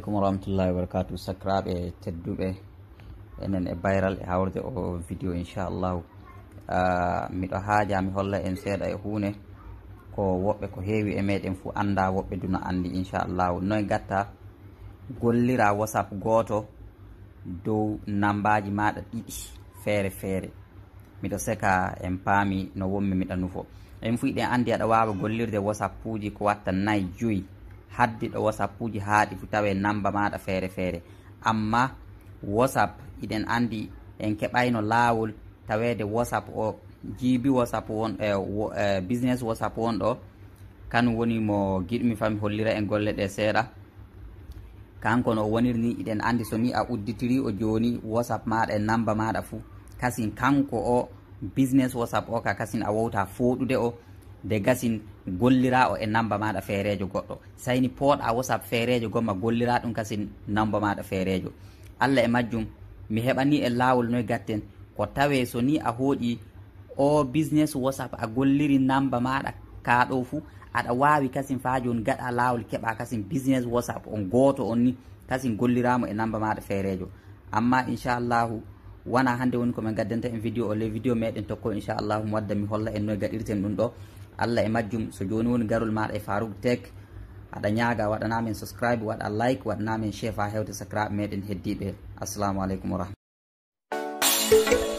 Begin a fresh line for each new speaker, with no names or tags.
aleykum warahmatullahi wabarakatu sakiraɓe tedduɓe enen e bayral e hawrde o vidéo inchallah uh, ah, miɗo haaja mi holla en seeɗa e huune ko woɓɓe ko heewi e meɗen fuu annda woɓɓe duna anndi inchallahu noye gatta gollira wasap gooto dow nambaji maɗa ɗiɗi feere feere miɗo seka en paami no wonmi miɗa nufo en fuu iɗen anndi aɗa waawa gollirde wasapuji ko watta nayi joyi haddiɗo whatsapp uji haaɗi fu tawe namba maɗa feere feere amma whatsapp iɗen andi en keɓayno laawol taweede whatsapp o jiibi whatsapp won e business whatsapp wonɗo kanu woni mo giɗumi fami hollira e golle ɗe seeɗa kanko no wonirni iɗen andi so ni a udditiri o jooni whatsapp maɗa e namba maɗa fuu kasin kanko o business whatsapp o ka kasin a wowta fooɗude o de gasin gollira o e namba maɗa feerejo goɗɗo sayni pooɗa wosap feerejo gomma gollira ɗum kasin namba maɗa feerejo allah e majjum mi heɓani e laawol noy gatten ko tawe so ni a hooƴi o business wasap a golliri namba maɗa kaaɗo fuu aɗa wawi kasin fa joni gaɗa laawol keɓa kasin business wasap on gooto on ni kasin golliramo e namba maɗa feerejo amma inchallahu wona hannde woni komin gaddanta en vidéo o le vidéo meɗen tokko inchallahu mi wadda mi holla en noye gaɗirten ɗum ɗo allah e majjum so joni woni garol maɗa e farouk tek aɗa ñaaga waɗanamin souscribe waɗa like waɗanamin chef ha hewde sacrabe meɗen heddiɓe assalamu aleykum wa rahmatu